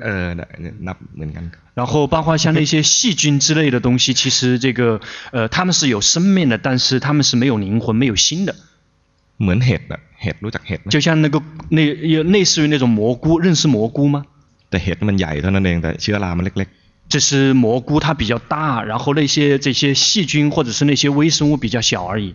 呃，得，那唔緊。然後包括像那些細菌之類的東西，其實這個呃，它們是有生命的，但是它們是沒有靈魂、沒有心的。就像那個那類似於那種蘑菇，認識蘑菇嗎？但是蘑菇它比較大，然後那些這些細菌或者是那些微生物比較小而已。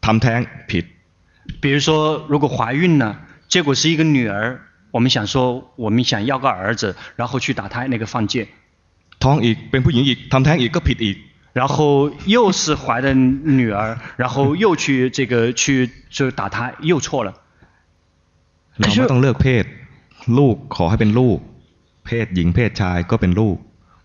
探聽撇，比如說如果懷孕了，結果是一個女兒，我們想說我們想要個兒子，然後去打胎，那個放箭，同亦並不容易，ทำแท้งอีกก็ผิดอีก。然後又是懷的女兒，然後又去這個去就打胎又錯了。其實我哋要揀เพศ，路，想係揀路，เพศ，女、男都係路。